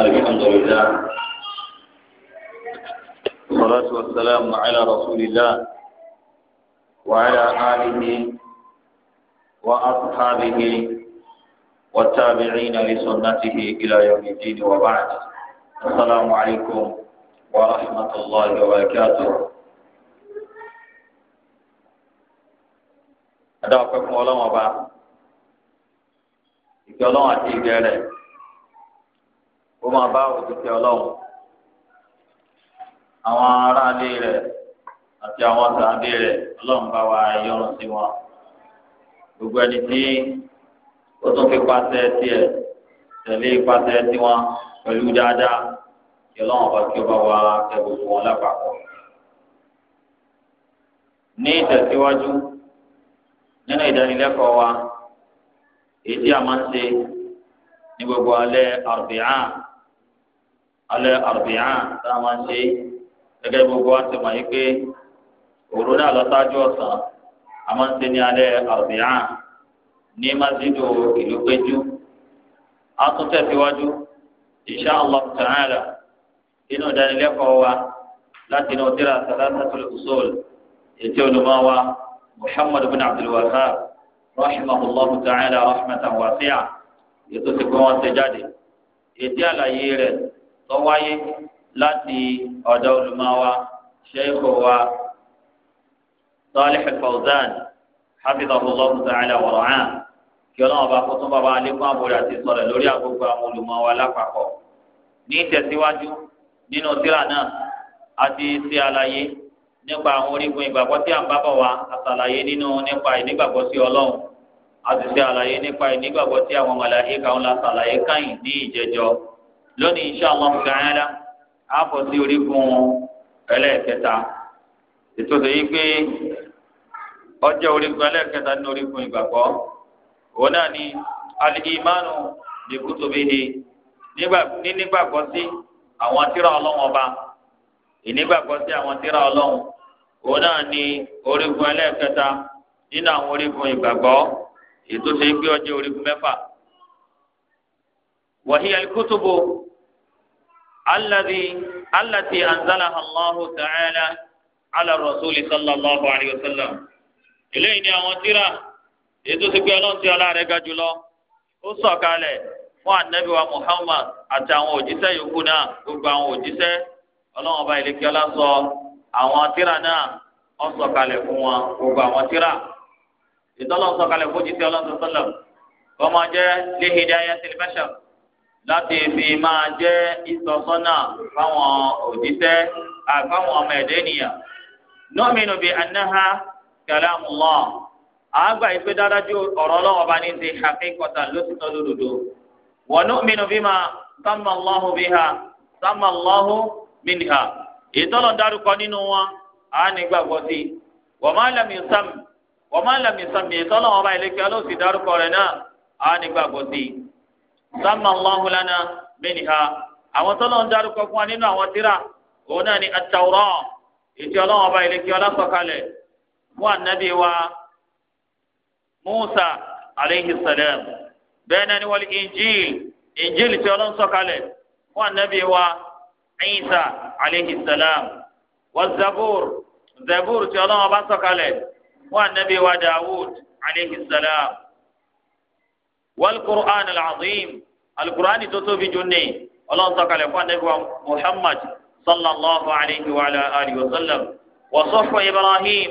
الحمد لله والصلاة والسلام على رسول الله وعلى آله وأصحابه والتابعين لسنته إلى يوم الدين وبعد السلام عليكم ورحمة الله وبركاته أدعوكم ولما بعد إكلام أتيجي kó máa bá òtítẹ́ ọlọ́run àwọn aráalé rẹ̀ àti àwọn sàádé rẹ̀ ọlọ́run bá wa yọ́nú sí wọn gbogbo ẹni tí ó tún fi pàṣẹ tiẹ̀ tẹ̀lé pàṣẹ tiwọn pẹ̀lú dáadáa kí ọlọ́run bá kí ó bá wa kẹ́ gbogbo wọn lápapọ̀ ní ìtẹ̀síwájú nínú ìdánilẹ́kọ̀ọ́ wa èyí tí a máa ń ṣe ní gbogbo alẹ́ àrùbíà alẹ́ àrùbíyàn tá a máa ń ṣe gẹ́gẹ́ gbogbo wa ti mọ̀ yìí pé òru náà lọ sáájú ọ̀sán a máa ń ṣe ní alẹ́ àrùbíyàn ní masjidu ìlú péjú a tún tẹ̀síwájú insha Allah ta'ala inú ìdánilẹ́kọ̀ọ́ wa láti inú tíra salatatul usul ètò olùmọ̀ wa Muhammad bin Abdul rahimahullah ta'ala rahmatan wasi'a ètò ìsìnkú wọn ṣe jáde ètò àlàyé rẹ̀ tó wáyé láti ọ̀dọ̀ olùmọ̀wá ṣẹ́ẹ̀kọ̀ wa Salih Fawzan hafidhahullah ta'ala wa ra'ah kí ọlọ́run bá kótó bàbá alẹ́kùn àbúrò àti sọ̀rọ̀ lórí àgbógbó àwọn olùmọ̀wá lápapọ̀ ní ìtẹ̀síwájú nínú tírà náà àti ṣe àlàyé nípa àwọn orígun ìgbàgbọ́ tí a ń bá bọ̀ wá àṣàlàyé nínú nípa ìnígbàgbọ́ sí ọlọ́run a sì ṣe àlàyé nípa ìnígbàgbọ́ tí àwọn màláíkà ń la ṣàlàyé káyìn ní ìjẹjọ́ lónìí insha Allah ta'ala á bọ̀ sí orígun ẹlẹ́ẹ̀kẹta ètò ìsèyí pé ọjọ́ orígun ẹlẹ́ẹ̀kẹta ní orígun ìgbàgbọ́ òun náà ni al-imanu bi kutubihi nínígbàgbọ́ sí àwọn tírà ọlọ́run ọba ìnígbàgbọ́ sí àwọn tírà ọlọ́run òun náà ni orígun ẹlẹ́ẹ̀kẹta nínú àwọn orígun ìgbàgbọ́ ètò ìsèyí pé ọjọ́ orígun mẹ́fà. وهي الكتب الذي التي أنزلها الله تعالى على الرسول صلى الله عليه وسلم إليه ni àwọn tírà ètò ti pé ọlọ́run tí ọlá rẹ̀ ga jùlọ ó sọ̀kalẹ̀ fún anabi wa muhammad àti àwọn òjíṣẹ́ yòókù náà gbogbo àwọn òjíṣẹ́ ọlọ́run ọba ìlẹ̀kí ọlá sọ àwọn tírà náà ó sọ̀kalẹ̀ fún wọn gbogbo àwọn tírà ìtọ́lọ́ sọ̀kalẹ̀ fún òjíṣẹ́ ọlọ́run sọ̀sọ́lọ̀ kọ́mọ jẹ́ lihidaya silbashar láti fi máa jẹ́ ìtọ́sọ́nà fáwọn òjíṣẹ́ àfáwọn ọmọ ẹ̀dẹ́ ènìyàn. nọ́ọ̀mìnú bíi anáhà kalamullah àgbà ìpè dáadájú ọ̀rọ̀ ọlọ́wọ́ bá ní ti haqiqatan ló ti tọ́ lódodo. wa nu'minu bima samma Allahu biha samma Allahu minha. ìtọ́lọ̀ dárúkọ nínú wọn á ní gbàgbọ́ sí. wa ma lam yusam wa ìtọ́lọ̀ wọn bá ilé kí sàmà allahu lana minha àwọn tọ́lọ́ ń dárúkọ fún wa nínú àwọn tírà òun náà ni at-Tawrah ètò ọlọ́wọ́n ọba ilé kí ọlọ́sọ̀kalẹ̀ fún ànábì wa Musa aleyhi salam bẹ́ẹ̀ náà ni wal Injil Injil tí ọlọ́sọ̀kalẹ̀ fún ànábì wa Isa aleyhi salam wa Zabur Zabur tí ọlọ́wọ́n ọba sọ̀kalẹ̀ fún ànábì wa Dawud aleyhi salam. والقرآن العظيم القرآن تتوفي جنة الله تعالى نبي محمد صلى الله عليه وعلى آله وسلم وصف إبراهيم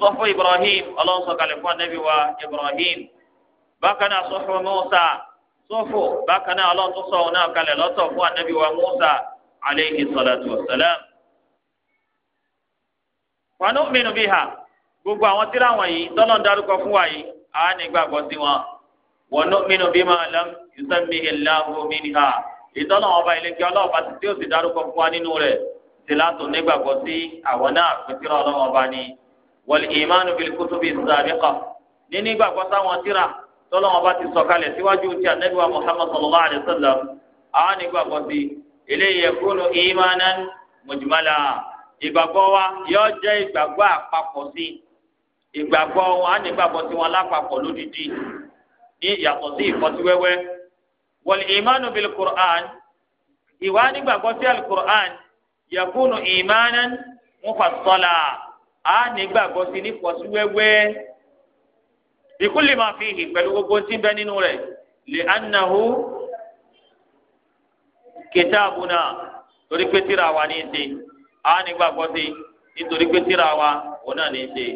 صف إبراهيم الله تعالى نبي إبراهيم بكنا صف موسى صف بكنا الله تصونا قال لا صف وموسى عليه الصلاة والسلام ونؤمن بها gbogbo àwọn tíra wọ̀nyí tọ́lọ́ ń darúkọ fún wa yìí àá nígbàgbọ́ sí wọn wa nu'minu bima lam yusammihi Allahu minha ìtọ́nà ọba ìlẹ́kẹ́ ọlọ́ọ̀bá ti tí ó sì dárúkọ fún wa nínú rẹ̀ ti látò nígbàgbọ́ sí àwọn náà pẹ̀tìrọ̀ ọlọ́ọ̀bá ni wal imanu bil kutubi sabiqa nínú ìgbàgbọ́ sáwọn tíra tọ́lọ́wọ́n bá ti sọ̀kalẹ̀ síwájú ti ànábìwá Muhammad sallallahu alayhi wa sallam àwọn ìgbàgbọ́ sí eléyìí ẹ̀kúnnù ìmánan mujmala ìgbàgbọ́ wa yóò jẹ́ ìgbàgbọ́ àpapọ̀ sí ìgbàgbọ́ wọn á nígbàgbọ́ sí wọn lápapọ̀ lódìdí ní ìyàtọ̀ sí ìfọ́síwẹ́wẹ́ wọ̀lì ìmánu bil qur'an ìwà nígbàgbọ́ sí alukur'an yakunu ìmánan mufassala á nígbàgbọ́ sí nífọ́síwẹ́wẹ́ ìkúlì máa fi hì pẹ̀lú gbogbo tí ń bẹ nínú rẹ̀ lè anahu kìtàbùnà torí pé tíra wa ní í ṣe á nígbàgbọ́ sí nítorí pé tíra wa òun náà ní í ṣe.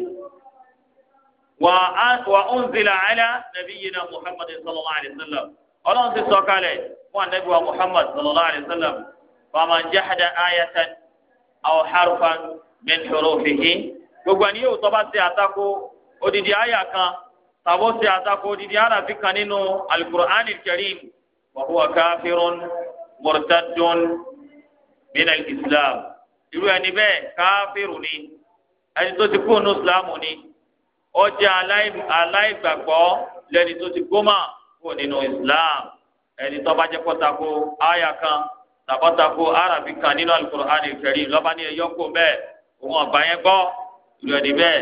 وأنزل على نبينا محمد صلى الله عليه وسلم ọlọ́run ti sọ kalẹ̀ fún anabi wa muhammad sallallahu alayhi wa sallam faman jahada ayatan aw harfan min hurufihi gbogbo àni yóò tọ́ bá ṣe àtakò odidi aya kan tàbó ṣe àtakò odidi arafi kan nínú alukur'an karim wa huwa kafirun murtadun min al-islam irú ẹni bẹ́ẹ̀ káfíìrù ni ẹni tó ti kú nù islam ni ọjà aláìgbàgbọ́ lẹ́ni tó ti gómà kó nínú islam ẹni tó bá jẹ́ pọ́tàkó àyà kan tàbọ́tàkó Arabi kan nínú alukur'ani karim lọ́ba ní ẹ̀yọ́ kó bẹ́ẹ̀ òun ọ̀bà yẹn gbọ́ ìlú ẹni bẹ́ẹ̀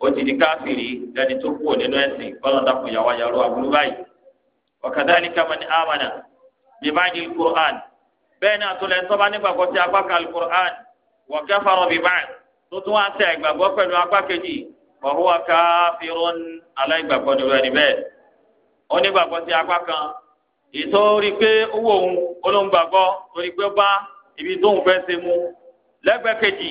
ó ti di káfìrí lẹ́ni tó kú nínú ẹ̀sìn kọ́lọ́dàkùn yàwá yàrá àbúrú báyìí ni man amana bibaadi alukur'an bẹ́ẹ̀ náà tó lẹ́ tọ́ba nígbàgbọ́ sí apá kan alukur'an wa kafara bibaadi tó tún wá ń tẹ̀ ìgbàgbọ́ pẹ̀lú apá fọwọ́ káfíròn aláìgbàgbọ́ ni wọ́n ẹni bẹ́ẹ̀ onígbàgbọ́ sí apá kan ìtòrí pé owó òun olóńgbàgbọ́ torí pé ó bá ibi tóun fẹ́ ṣe mu lẹ́gbẹ̀ẹ́ kejì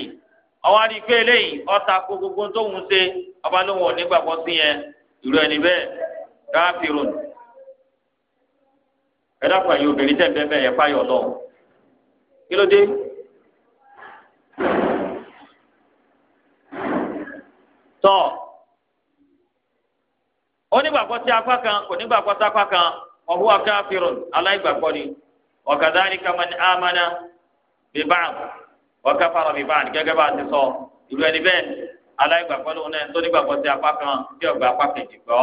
ọwọ́ adi pé eléyìí ọ̀tá kó gbogbo tóun ṣe ọba lóun onígbàgbọ́ sí yẹn ìlú ẹni bẹ́ẹ̀ káfíròn ẹ̀dá pààyè obìnrin tẹ̀ bẹ́ẹ̀ bẹ́ẹ̀ yẹn pààyè ọ̀nà kí ló dé tọ́ onígbàgbọ́ sí apá kan kò sí apá kan ọ̀hún akáfíròn aláìgbàgbọ́ ni ọ̀kadàní kamani amana bíbáà ọ̀káfàrọ̀ gẹ́gẹ́ bá a ti sọ ìlú ẹni bẹ́ẹ̀ aláìgbàgbọ́ na náà tó nígbàgbọ́ sí apá kan tí ọ̀gbà apá kejì gbọ́.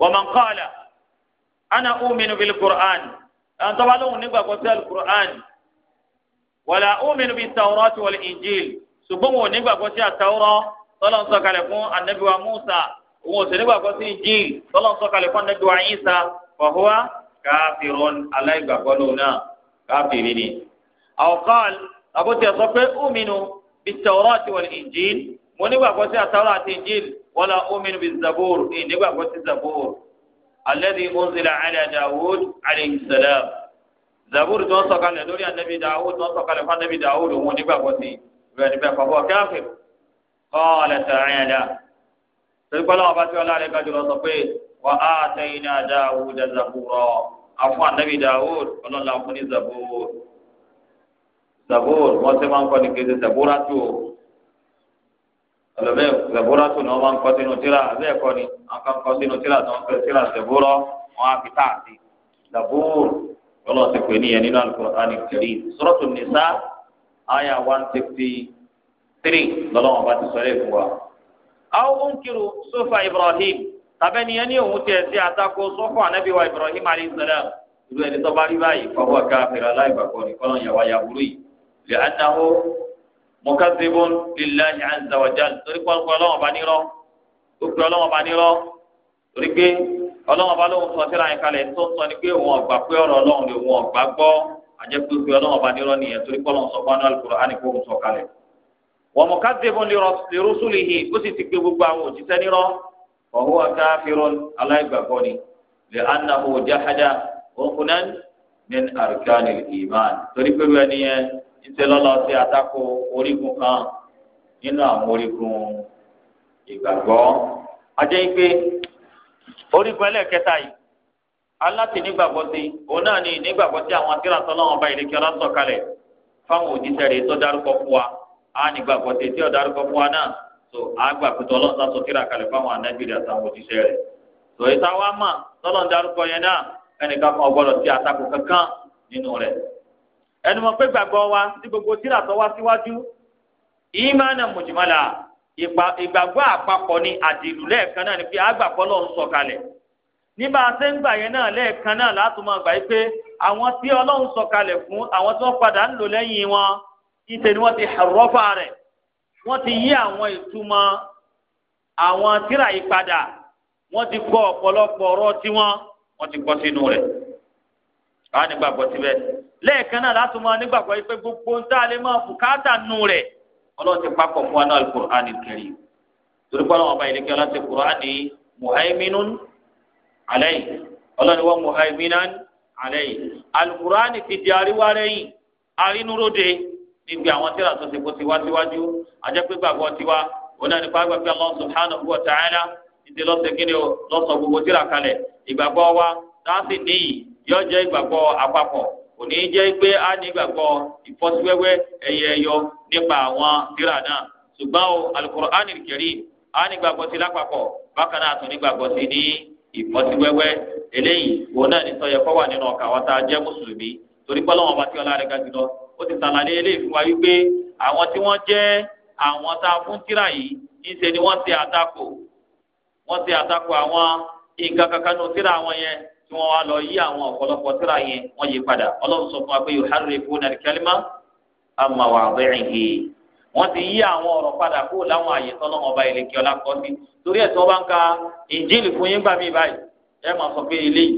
wọ́n máa ń kọ́ ọ̀la ana uminu bil qur'an ẹ̀hún tó bá nígbàgbọ́ sí uminu bi wal tọ́lọ̀ ń sọ̀kalẹ̀ fún anabiwa musa òun ò sì nígbàgbọ́ sí jíìn tọ́lọ̀ ń sọ̀kalẹ̀ fún anabiwa isa fahuwa káfírun aláìgbàgbọ́ lòun náà káfírin ni. àwòkọ́l àbótiẹ̀ sọ pé uminu bit-taurati wal-injil mo nígbàgbọ́ sí àtàwọn àti injil wala uminu biz-zabur ní nígbàgbọ́ sí zabur alladhi unzila ala dawud alayhi salam zabur tó ń sọ̀kalẹ̀ lórí anabi dawud tó ń sọ̀kalẹ̀ fún anabi dawud òun nígbàgbọ́ sí ìrẹ̀lẹ́bẹ̀ fàbọ̀ káfírin. قال تعالى فيقول الله باتي الله عليك جل صفيت وآتينا داود زبورا عفوا النبي داود قال الله أخوني زبور زبور ما سيما نقول كذا زبوراتو ọlọmọ zaburatu ni wọn máa ń kọ sínú tíra abẹ́ ẹ̀kọ́ ni wọn kàn kọ sínú tíra tí wọn fẹ́ tíra zaburọ wọn á fi táàtì zabur lọ́lọ́ tiri lọ́lọ́wọ́n bá ti sọ lé fún wa. àwọn ònkìrù sọfà ibrahim tàbí ẹni ẹni òun tiẹ̀ sí àtakò sọfà anabi wa ibrahim alayhi salam ìlú ẹni tó bá rí báyìí fọwọ́ ká fèrè aláìgbàgbọ́ ní kọ́lọ́ yàwá ya burú yìí lè anahu mukazibun lillahi azza wa jal torí pọ́npọ́n ọlọ́wọ́n bá nírọ́ ó pe ọlọ́wọ́n bá nírọ́ torí pé ọlọ́wọ́n bá lóun sọ síra yẹn kalẹ̀ tó ń sọ ni pé òun ọ̀gbà pé ọ̀rọ̀ ọlọ́run lè òun ọ̀gbà gbọ́ àjẹpẹ́ pé ọlọ́wọ́n bá nírọ́ nìyẹn torí pé ọlọ́wọ́n sọ fún anáàlùkùrọ̀ wọ́n mú kádébù lérúsùlìhì ó sì ti pé gbogbo àwọn òjíṣẹ́ nírọ́ ọ̀hún akáfíròn aláìgbàgbọ́ ni lè anahu jahada òkùnán min arkani iman torí pé wíwá nìyẹn ń tẹ lọ́lọ́ sí àtakò orígun kan nínú àwọn orígun ìgbàgbọ́ ajẹ́ yìí pé orígun ẹlẹ́ẹ̀kẹta yìí aláti nígbàgbọ́ sí òun náà ni nígbàgbọ́ sí àwọn akérè àtọ́lọ́wọ́n ọba ìlẹ́kẹ́ ọlọ́sọ̀kalẹ̀ fáwọn òjíṣẹ́ rẹ̀ tó dárúkọ fún wa. A nígbà pọ̀tẹ́ tí ọ̀darúkọ fún wa náà tó á gbà pé tọ́lọ́ ta sọ kíra kalẹ̀ fáwọn anábìrì àtàwọn òjíṣẹ́ rẹ̀ tó ìta wa mà tọ́lọ́ ń darúkọ yẹn náà ẹnìkan kan ọgbọ́dọ̀ ti àtakò kankan nínú rẹ̀ ẹnu mọ̀ pé gbàgbọ́ wa tí gbogbo tíra tó wá síwájú ìmánà mùjìmọ́lá ìgbàgbọ́ àpapọ̀ ni àdìlù lẹ́ẹ̀kan náà ni pé àgbàpọ̀ lọ́hùn sọ̀kalẹ̀ nígbà tẹ́ ń gbà yẹn náà lẹ́ẹ̀kan náà látò máa gbà yí pé àwọn tí ọlọ́run sọ̀kalẹ̀ fún àwọn tí wọ́n padà ń lò lẹ́yìn wọn ìṣe ni wọ́n ti hàrọ́fà rẹ̀ wọ́n ti yí àwọn ìtumọ̀ àwọn tírà yìí padà wọ́n ti kọ́ ọ̀pọ̀lọpọ̀ ọ̀rọ̀ tiwọn wọ́n ti kọ́ sínú rẹ̀ àwọn nígbàgbọ́ síbẹ̀ lẹ́ẹ̀kan náà láti máa nígbàgbọ́ yìí pé gbogbo ń tá a lè máa bùkátà nù rẹ̀ ọlọ́run ti papọ̀ fún wa náà al-Qur'an torí pé ọlọ́run ọba ìlẹ́kẹ́ ọlọ́run ti Qur'ani muhaiminun alayhi ọlọ́run wa muhaiminan alayhi al-Qur'ani ti di àríwá rẹ̀ yìí arínúróde níbi àwọn tíra tó ti kó tiwa síwájú àjẹpẹ́ gbàgbọ́ tiwa òun náà nípa gbàgbé Allah subhanahu wa ta'ala ìdí lọ́sẹ̀ kí ni o lọ́sọ̀ gbogbo tíra kalẹ̀ ìgbàgbọ́ wa dáhàsì níyì yóò jẹ́ ìgbàgbọ́ àpapọ̀ kò ní jẹ́ pé a ní ìgbàgbọ́ ìfọ́síwẹ́wẹ́ ẹ̀yẹ ẹ̀yọ nípa àwọn tíra náà ṣùgbọ́n o al-Qur'an al-Karim a ní ìgbàgbọ́ sí lápapọ̀ bákan náà tún ní ìgbàgbọ́ sí ní ìfọ́síwẹ́wẹ́ eléyìí òun náà ní sọ yẹ kó wà nínú ọkà wa tá a jẹ́ mùsùlùmí torí pé Ọlọ́hun bá tí ọlá rẹ̀ ga jùlọ ó ti sàlàyé eléyìí fún wa wípé àwọn tí wọ́n jẹ́ àwọn tá a fún tíra yìí níṣe ni wọ́n ti àtakò wọ́n ti àtakò àwọn nǹkan kankan nù tíra àwọn yẹn tí wọ́n wá lọ yí àwọn ọ̀pọ̀lọpọ̀ tíra yẹn wọ́n yí padà ọlọ́run sọ fún wa pé yuharrifuna al-kalima an mawadhi'ihi wọ́n ti yí àwọn ọ̀rọ̀ padà kó láwọn àyè tọ́lọ́wọ́n ọba ilé kí ọlá kọ́ sí torí ẹ̀ tí wọ́n bá ń ka ìnjílì fún yín gbà mí báyìí ẹ máa sọ pé eléyìí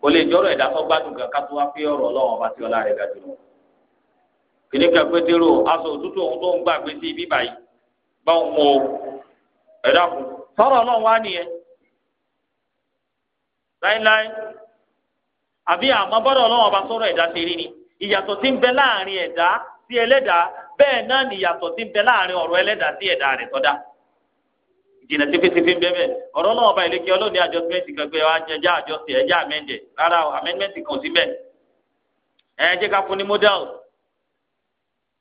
kò lè jọrọ ẹ̀dá tó gbádùn kan ká tó wá pé ọ̀rọ̀ ọlọ́wọ́n ọba tí ọlá rẹ̀ ga kìnìkan pétérò aṣọ òtútù ohun tó ń gbàgbé sí ibi báyìí báwọn mọ ẹ̀dá kù sọ̀rọ̀ náà wá nìyẹn àbí àmọ́ bọ́dọ̀ ọlọ́run ọba sọ̀rọ̀ ẹ̀dá ṣe rí ni ìyàtọ̀ ti ń bẹ láàrin ẹ̀dá bẹ́ẹ̀ náà ni ìyàtọ̀ ń bẹ láàrin ẹ̀dá rẹ̀ tọ́da ìjìnà ń ọ̀rọ̀ náà ọba ọlọ́ọ̀ni àjọsímẹ́ǹtì kan àjọsí àmẹ́ǹdẹ̀ rárá kan sí bẹ́ẹ̀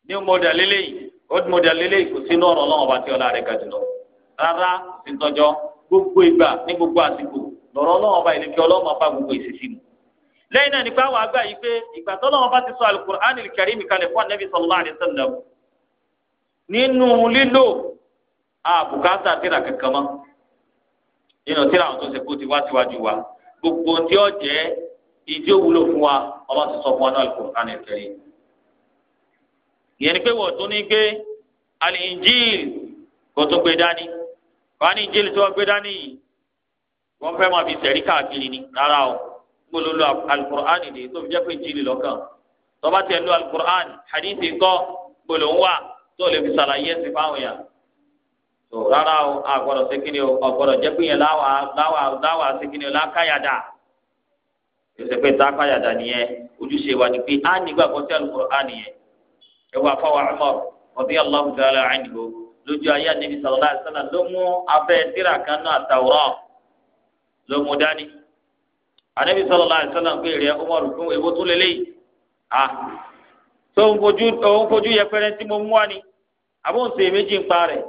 new model lélẹ́yìí old model lélẹ́yìí kò sínú ọ̀rọ̀ ọlọ́run ọba tí ọlá rẹ̀ ga jùlọ rárá kò sí tọ́jọ́ gbogbo ìgbà ní gbogbo àsìkò lọ́rọ̀ ọlọ́run ọba ìlẹ̀kẹ́ ọlọ́run apá gbogbo ìṣesí mu lẹ́yìn náà nípa àwọn àgbà yìí pé ìgbà tọ́lọ́run bá ti sọ alukur'an karim kalẹ̀ fún anabi sallallahu alayhi wa sallam nínú lílo àbùkátà tíra kankan mọ́ nínú tíra àwọn tó ṣe kó ti wá síwájú wa gbogbo tí ó jẹ́ ìdí òwúlò ti sọ karim ìyẹn ni pé wọ́n tún ní gbé alìjíìl kó tó gbé dání wọ́n á ní ìjíìl tó gbé dání yìí wọ́n fẹ́ máa fi sẹ̀rí káàkiri ni rárá o gbọ́dọ̀ lo alukur'an de tó fi jẹ́ pé ìjíìl lọ́kàn tó bá tiẹ̀ lo alukur'an hadith kọ́ gbọ́dọ̀ ń wà tó lè fi sàlàyé ẹ̀sìn fáwọn yàrá tó rárá o àgbọ̀dọ̀ sékìní o ọ̀gbọ̀dọ̀ jẹ́ pé yẹn láwà láwà láwà sékìní o lákàyàdà yóò ṣe pé tákàyàdà nìyẹn ojúṣe ẹwà fáwọn Umar radiyallahu ta'ala anhu lójú ayé ànábì sallallahu alaihi wasallam ló mú abẹ́ tírà kan náà Tawrat ló mú dání ànábì sallallahu alaihi wasallam rẹ fún tó lélẹ́yìí tó ń fojú fojú yẹpẹrẹ tí mo mú wá ni àbóǹsè méjì ń pa rẹ̀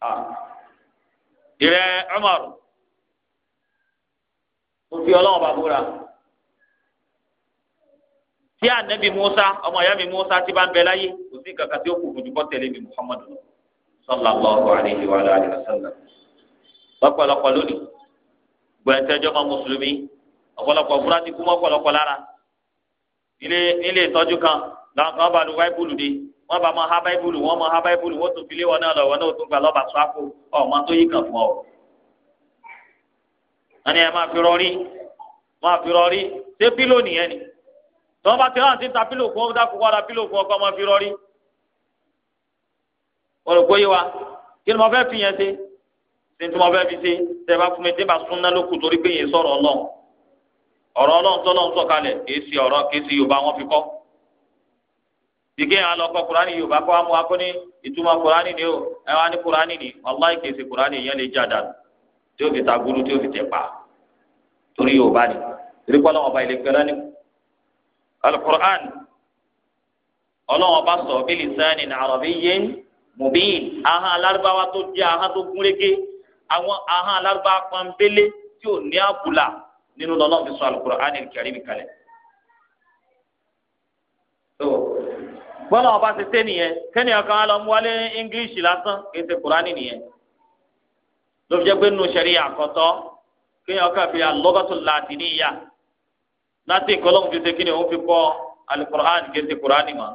à ìrẹ Umar òfin ọlọ́wọ́n bá búra. tí ànábì musa ọmọ ìyá mi musa ti bá ń bẹ láyé kò sí kankan tí ó kù fojú kọ́ tẹ̀lé mi muhammadu sallallahu alayhi wa alayhi wa sallam lọ́pọ̀lọpọ̀ lónìí gbẹ̀ntẹ́jọ́ mọ́ mùsùlùmí ọ̀pọ̀lọpọ̀ fúrásì kú mọ́ ọ̀pọ̀lọpọ̀ lára nílé nílé ìtọ́jú kan làwọn kan bá lu báíbùlù de wọ́n bá mọ ha báíbùlù wọ́n mọ ha báíbùlù wọ́n tún filé wọn náà lọ wọn náà tún gbà lọ́ba sọ́àpò ọmọ tó yí kàn fún ọ. wọ́n ní ẹ máa fi rọrí máa fi rọrí ṣé pílò nìyẹn ni tọ́ bá ti rántí ta pílò fún ọ dákú wá ra pílò fún ọkọ ọmọ fi rọrí olùkóyè wa kí ni mo fẹ́ fi yẹn ṣe ṣe tí mo fẹ́ fi ṣe tẹ́ bá fún mi tí bá sún náà ló kù torí pé yẹn sọ̀rọ̀ ọlọ́run ọ̀rọ̀ ọlọ́run tó lọ́n sọ̀kalẹ̀ kìí ṣe ọ̀rọ̀ kìí ṣe yorùbá wọn fi kọ́ ìgbé àlọ́ kọ kùránì yorùbá kọ́ amú akọ́ni ìtumọ̀ kùránì ni ó ẹ wá ní kùránì ni wàláì kìí ṣe kùránì yẹn lè já dànù tí ó fi ta gúrú tí ó fi tẹ̀ pa torí yorùbá ni torí pọ́lọ́mọba alukur'an ọlọ́wọ́n bá sọ bí lisani arabiyyin mubin ahọ́n alárúbáwá tó jẹ́ ahọ́n tó gúnrégé àwọn ahọ́n alárúbáwá pọ́nbélé tí ò ní nínú lọ́lọ́run fi sọ alukur'an karim kalẹ̀. bọ́lá láti ìkọlọ́hún fi ṣe kí ni òun fi kọ́ alukur'an kí n ti kur'ani mọ́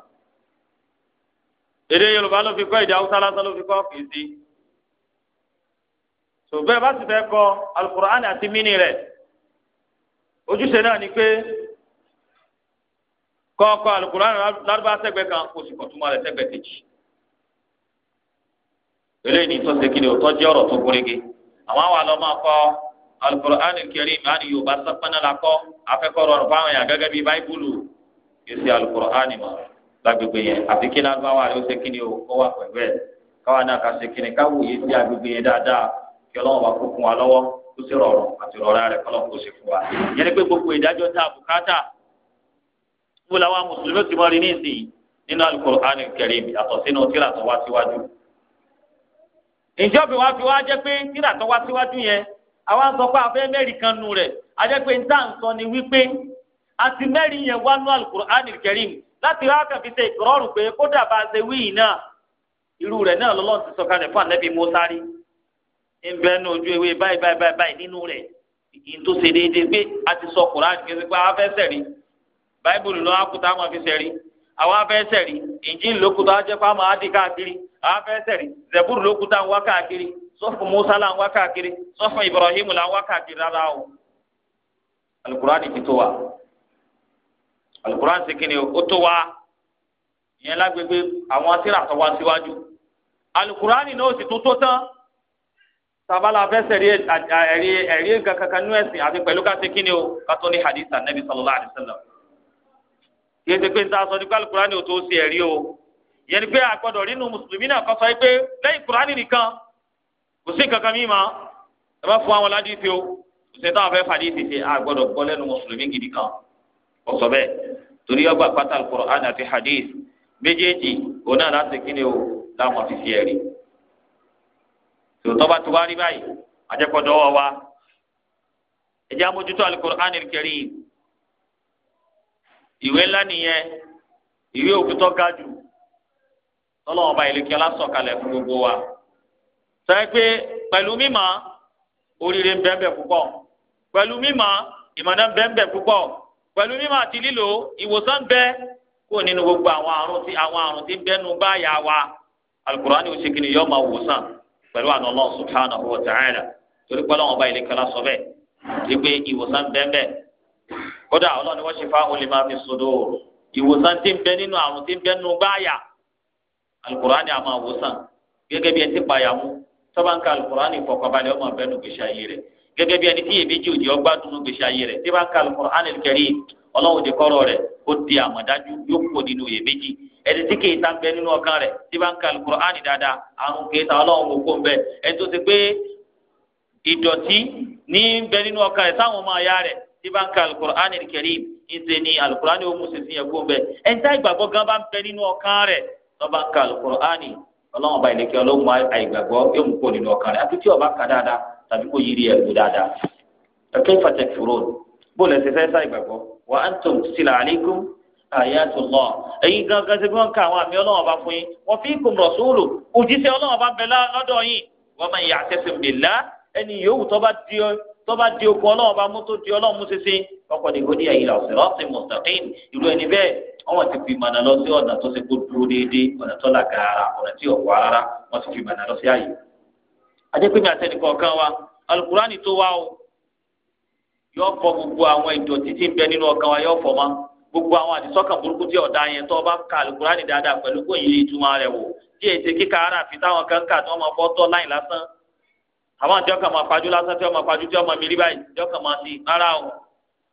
èdè yorùbá ló fi kọ́ èdè haúsá lásán ló fi kọ́ kì í sí tòbẹ́ bá ti fẹ́ kọ́ alukur'an àti mini rẹ̀ ojúṣe náà ni pé kọ́kọ́ alukur'an lárúbá sẹ́gbẹ̀ẹ́ kan kó sì kọ̀túmọ̀ rẹ̀ sẹ́gbẹ̀ẹ́ kejì eléyìí ni tọ́sí kí ni òótọ́ ọ̀rọ̀ tó gúnrégé àwọn àwọn àlọ́ máa kọ́ alukur'an kẹrin maani yorùbá sápẹ́nà la kọ́ afẹ́kọ̀rọ̀ rẹ̀ fáwọn yàn gẹ́gẹ́ bí báyìbùlù yẹsi alukur'an ma lágbègbè yẹn àfi kí náà báwa yóò ṣe kíni o kó wà pẹ̀lú ẹ̀ káwa náà ká ṣe kíni káwò yìí sí agbègbè yẹn dáadáa kí ọlọ́wọ́ bá kó fún wa lọ́wọ́ kó sì rọrùn àti rọra rẹ̀ kọ́lọ́ kó sì fún wa. yẹn ni pé gbogbo ìdájọ́ tá a bùkátà mo làwọn mùsùlùmí ti mọ́ rí ní ìsìn nínú alukur'an kẹrin àtọ̀ sínú tíra tó wá síwájú. ìjọba wa fi wá jẹ́ pé tíra tó wá síwájú yẹn àwa ń sọ pé afẹ́ mẹ́rin kan nu rẹ̀ ajẹ́pẹ́ níta ń ni wípé àti mẹ́rin yẹn wá nú alukur'an kẹrim láti rà kàfi ṣe ìkọrọ̀rù pé kódà bá a ṣe wíì náà irú rẹ̀ náà lọ́lọ́run ti sọ kalẹ̀ fún ànábì mọ́sárì ń bẹ́ẹ̀ ní ojú ewé báyìí báyìí báyìí nínú rẹ̀ ìyìn tó ṣe déédéé pé a ti sọ kur'an kẹsí pé afẹ́ sẹ̀rí báíbùlù lọ́wọ́ akuta máa fi sẹ̀rí àwọn afẹ́ sẹ̀rí ìjìn lókuta jẹ́ fáwọn adì káàkiri àwọn afẹ́ sẹ̀rí zẹ̀búrú lókuta ń wá káàkiri sọ́fù musa là ń wá káàkiri ibrahim là ń wá káàkiri o alukurani ti tó wa alukurani ti kíni o tó wa ìyẹn lágbègbè àwọn asíra tó wá síwájú alukurani náà sì tó tó tán sabala fẹsẹ rí ẹrí ẹrí nǹkan kankan nú ẹsìn àti pẹ̀lú káṣe kíni o kátó ní hadith anabi sallallahu alayhi wa sallam kìí ṣe pé n ta sọ ní kálí kurani ò tó ṣe ẹrí o yẹn ni pé àgbọ́dọ̀ rínú mùsùlùmí náà kọ sọ pé lẹ́yìn kurani nìkan kò sí kankan míì ma ẹ bá fún àwọn ládìí fi o ṣe táwọn fẹ́ fàdí ti ṣe àgbọ̀dọ̀ gbọ́ lẹ́nu mùsùlùmí gidi kan ọ̀sọ̀ bẹ́ẹ̀ torí ọgbà pátá alukur'an àti hadith méjèèjì òun náà láti kí ni o láwọn fi fi ẹ̀rí tòótọ́ bá ti wá rí báyìí àjẹpọ̀dọ̀ wọ̀ wá ẹ̀jẹ̀ amójútó alukur'an al-karim ìwé ńlá nìyẹn ìwé òkútọ́ gájù tọ́lọ́wọ́n bá ìlú kí sọ́yẹ́ pé pẹ̀lú mímọ̀ oríire ń bẹ́ẹ̀ bẹ́ẹ̀ púpọ̀ pẹ̀lú mímọ̀ ìmọ̀nà ń bẹ́ẹ̀ bẹ́ẹ̀ púpọ̀ pẹ̀lú mímọ̀ àti lílo ìwòsàn bẹ́ẹ̀ kó nínú gbogbo àwọn àrùn tí àwọn àrùn tí ń bẹ́nu báyà wa alukurani ó ṣe kí ni yọ máa wòsàn pẹ̀lú àná Allah subhanahu wa ta'ala torí pé ọlọ́run ọba ìlẹ́kẹ́lá sọ bẹ́ẹ̀ ti pé ìwòsàn bẹ́ẹ̀ bẹ́ẹ̀ kódà ọlọ́run tọ́ba ń ka alukur'ani ìfọ̀kànbalẹ̀ ọmọ bẹ́ẹ̀ nù gbèsè ayé rẹ̀ gẹ́gẹ́ bí ẹni tí èméjì òdì ọgbà dunu gbèsè ayé rẹ̀ tí bá ń ka alukur'ani Karim ọlọ́run òdì kọ́rọ̀ rẹ̀ ó di àmọ̀dájú yóò kó nínú èméjì ẹni tí kìí ta ń nínú ọkàn rẹ̀ tí bá ń ka alukur'ani dáadáa àrùn kìí ta ọlọ́run kò kó ń bẹ ẹni tó ti pé ìdọ̀tí ní ń nínú ọkàn rẹ̀ sáwọn ọlọ́run ọba ìlẹ́kẹ́ ọlọ́run àìgbàgbọ́ yóò mú kó nínú ọkàn rẹ̀ àti tí ọba kà dáadáa tàbí kó yiri ẹ̀rù dáadáa. ẹ̀kẹ́ ìfàtẹ̀ fúró bó lẹ́sẹ̀ fẹ́ sá ìgbàgbọ́ wa antum tutla alaykum ayatullah ẹ̀yin gangan ṣe bí wọ́n ka àwọn àmì ọlọ́run ọba fún yín wa fikum rasulu òjíṣẹ́ ọlọ́run ọba bẹ̀ faqad hudiya ila siratin mustaqim irú ẹni bẹ́ẹ̀ wọ́n ti fi mànà lọ sí ọ̀nà tó ṣe kó dúró déédéé ọ̀nà tó làgàrà ọ̀nà tí ò wá rárá wọ́n ti fi mànà lọ sí àyè. adépínmi àtẹnìkọ̀ kan wa alukurani tó wá o yọ fọ gbogbo àwọn ìdọ̀tí tí ń bẹ nínú ọkàn wa yọ fọ ma gbogbo àwọn àdìsọ́kàn burúkú tí ọ̀dà yẹn tó bá ka alukurani dáadáa pẹ̀lú kó ìtumọ̀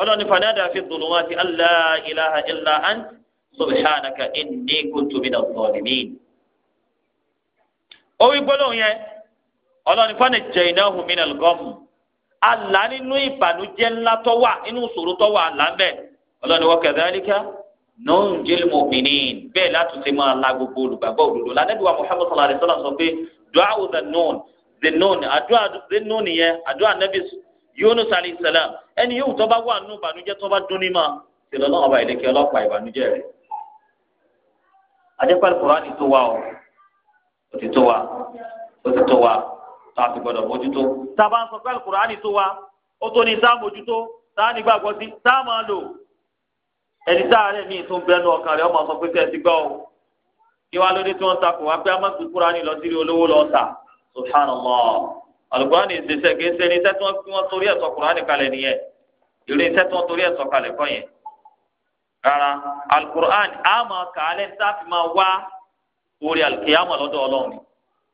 ọlọ́ni fanada fi dhulumati alla ilaha illa ant subhanaka inni kuntu minaz zalimin. ó wí gbólóhùn yẹn ọlọ́ni fanajjaynahu minal gham àlá nínú ìbànújẹ́ ńlá tó wà nínú ìṣòro tó wà àlá ń bẹ̀ ọlọ́ni wa kadhalika nunjil mu'minin bẹ́ẹ̀ láti ṣe máa la gbogbo olùgbàgbọ́ òdodo lánàbíwá Muhammad sallallahu alaihi wasallam sọ pé du'a dhanun dhanun àdúrà dhanun yẹn àdúrà nàbí Yunus alayhi salam ẹni yóò tọ́ bá wà nù ìbànújẹ́ tọ́ bá dún ní ma tẹ̀lé náà ọba ìlẹ́kẹ́ ọlọ́pàá ìbànújẹ́ rẹ̀. adépẹ́lẹ́ kùránì tó wa o ó ti tó wa ó ti tó wa tá a ti gbọdọ̀ mójútó. tá a bá ń sọ pẹ́lú kùránì tó wa ó tó ní sáà mójútó sáà nígbàgbọ́ sí sáà máa lò ẹni tá rẹ̀ mí tó ń bẹnu ọkàn rẹ̀ ọmọ sọ pé kẹ́ ẹ ti gbọ́ o kí wàá lóde tí wọ́n ta kò wá pé alukurani ìṣiṣẹ́ kì í ṣe irinṣẹ́ tí wọ́n torí ẹ̀sọ́ kurani kalẹ̀ nìyẹn irinṣẹ́ tí wọ́n torí ẹ̀sọ́ kalẹ̀ kọ́ yẹn rárá alukurani àmọ́ kàálẹ̀ sáfì máa wá orí alukiyama lọ́dọ̀ ọlọ́run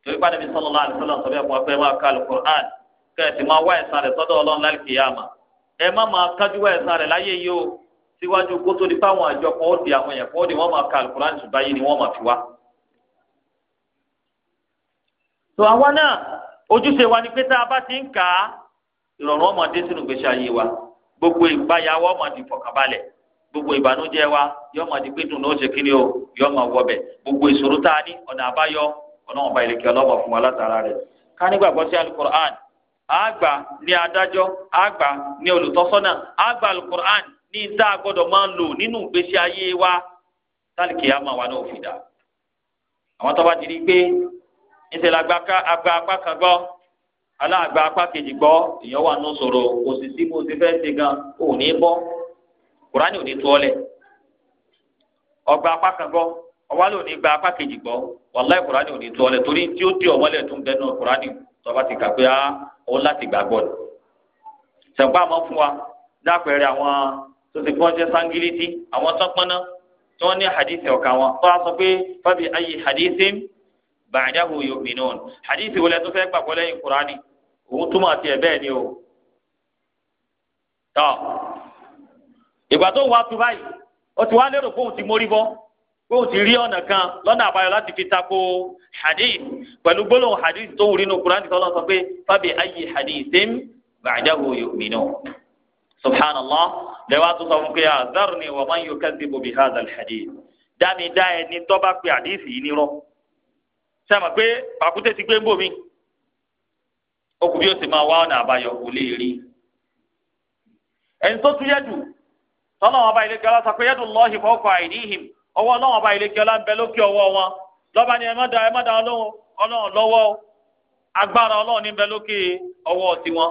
torí pàdé mi sọ́nà lọ́wọ́ àlùfẹ́ lọ́sọ̀ bẹ́ẹ̀ wọ́n fẹ́ máa ka alukurani kẹ́ẹ̀sì máa wá ẹ̀san rẹ̀ sọ́dọ̀ ọlọ́run lálùkìyàmà ẹ má máa kájú wá ẹ̀san rẹ̀ láyé yìí o síwájú kó tó fáwọn àjọ kan ó ojúṣe wa ni pé tá a bá ti ń kà á ìrọ̀rùn ọmọdé sínú ayé wa gbogbo ìpayàwó ọmọdé fọkànbalẹ̀ gbogbo ìbànújẹ́ wa yọ ọmọdé o yọ ọmọ wọbẹ gbogbo ìṣòro tá a ní ọ̀nà àbáyọ ọ̀nà ọba ìlẹ̀kẹ ọlọ́mọ fún wa látara rẹ̀ ká sí àgbà ní adájọ́ àgbà ní olùtọ́sọ́nà àgbà ní ìta gbọ́dọ̀ máa ń lò nínú ìgbésí ayé wa tálíkì àmà wa náà fi dà àwọn tó bá ti pé níṣẹ́ la gba apá kan gbọ́ aláàgbà apá kejì gbọ́ èèyàn wà nù sọ̀rọ̀ kò sì sí bó ti fẹ́ ṣe gan ò ní bọ́ kùránì ò ní tú ọlẹ̀ ọgbà apá kan gbọ́ ọwọ́ ló ní gba apá kejì gbọ́ wàláì kùránì ò ní tú ọlẹ̀ torí tí ó di ọ̀mọ́lẹ̀ tó ń bẹ́ẹ̀ náà kùránì tọ́ba ti kà á òun láti gbàgbọ́ ni sẹ̀gbọ́n àmọ́ fún wa dápẹ̀rẹ̀ àwọn tó ti fọ́n ṣe sángílítì àwọn tọ́pọ́nà tí wọ́n ní hadithi ọ̀kà wọn tó a hadithi ba'dahu yu'minun hadithi wọlé tó fẹ́ gbàgbọ́ lẹ́yìn kurani òun túmọ̀ àti ẹ̀ bẹ́ẹ̀ ni o tọ́ ìgbà tó wàá tu báyìí ó ti wá lérò pé òun ti mórí bọ́ pé òun ti rí ọ̀nà kan lọ́nà àbáyọ láti fi tako hadith pẹ̀lú gbólóhùn hadith tó wùrí nu kurani tó lọ sọ pé fábí ayyi hadithin ba'dahu yu'minun subhanallah lẹ́wàá tó sọ fún pé àzárùnì wa man yukazzibu bi hadha al-hadith dámi dá ẹni tó bá pe hadith yìí nírọ́. sábà pé pàkúté ti gbé ń bò mí okùn bí ó sì máa wá ọ̀nà àbáyọ kò lè rí ẹni tó tún yẹ́dù wọn bá ilé sọ pé yẹ́dù lọ́ọ̀hì fọ́ọ̀kọ̀ àìníhìm ọwọ́ ọlọ́wọ́n bá ilé ń bẹ lókè ọwọ́ wọn lọ́ba ni lọ́wọ́ agbára ní ọwọ́ tiwọn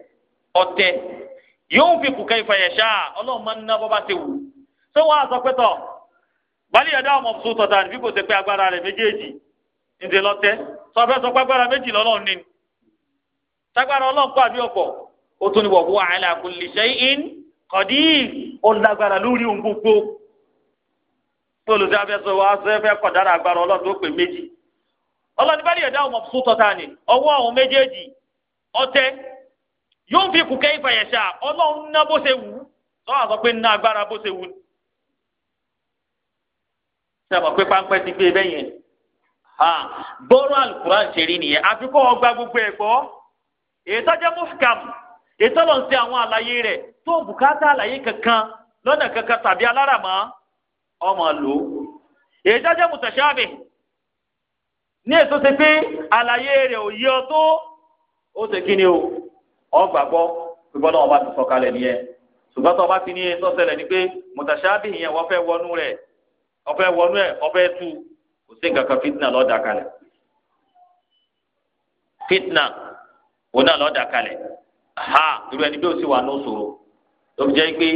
ọtẹ yóò fi kù kẹfà yẹ ṣáà ọlọ́run máa ń ná bọ́bá ti wù ṣé wàá sọ pé tọ̀ balẹ̀ ẹ̀dá ọmọ fún tọ̀tà níbi kò ṣe pé agbára rẹ̀ méjèèjì ǹdè lọ́tẹ́ sọ fẹ́ sọ pé agbára méjì lọ́lọ́run ní tágbára ọlọ́run kọ́ àbí ọ̀pọ̀ ó tún ní wọ̀ lórí ohun gbogbo olùsí wa ṣe fẹ́ kọ̀dára agbára ọlọ́run tó pè méjì ọlọ́run balẹ̀ ẹ̀dá ọmọ fún ọwọ́ ọ̀hún méjèèjì ọtẹ́ yóò fi kùkẹ́ ìfàyẹ̀ṣà ọlọ́run ná bó ṣe wù ú sọ àgọ́ pé ná agbára bó ṣe wù ú. ṣé àmọ̀ pé páńpẹ́ ti gbé bẹ́ẹ̀ yẹn gbọ́rọ̀ alukuran ṣe rí nìyẹn àfikún ọgbà gbogbo ẹ̀kọ́ ètò jẹ́ muhkam ètò lọ́n ṣe àwọn àlàyé rẹ̀ tó bùkátà àlàyé kankan lọ́nà kankan tàbí aláràmọ́ ọmọ lò ètò jẹ́ mutashabih ní ètò ṣe pé àlàyé rẹ̀ ò yẹ tó ó ṣe kí ọ gbígbọ́ náà bá ti sọ̀kalẹ̀ nìyẹn ṣùgbọ́n tó o bá ti ní tó ni pé mùtàṣáàbì yẹn wọ́n fẹ́ wọnú rẹ̀ wọ́n fẹ́ wọnú ẹ̀ wọ́n fẹ́ tú kò sí nǹkan kan fitna kalẹ̀ fitna náà kalẹ̀ ha irú ẹni bí o sì wà ní òṣòro tó fi jẹ́ pé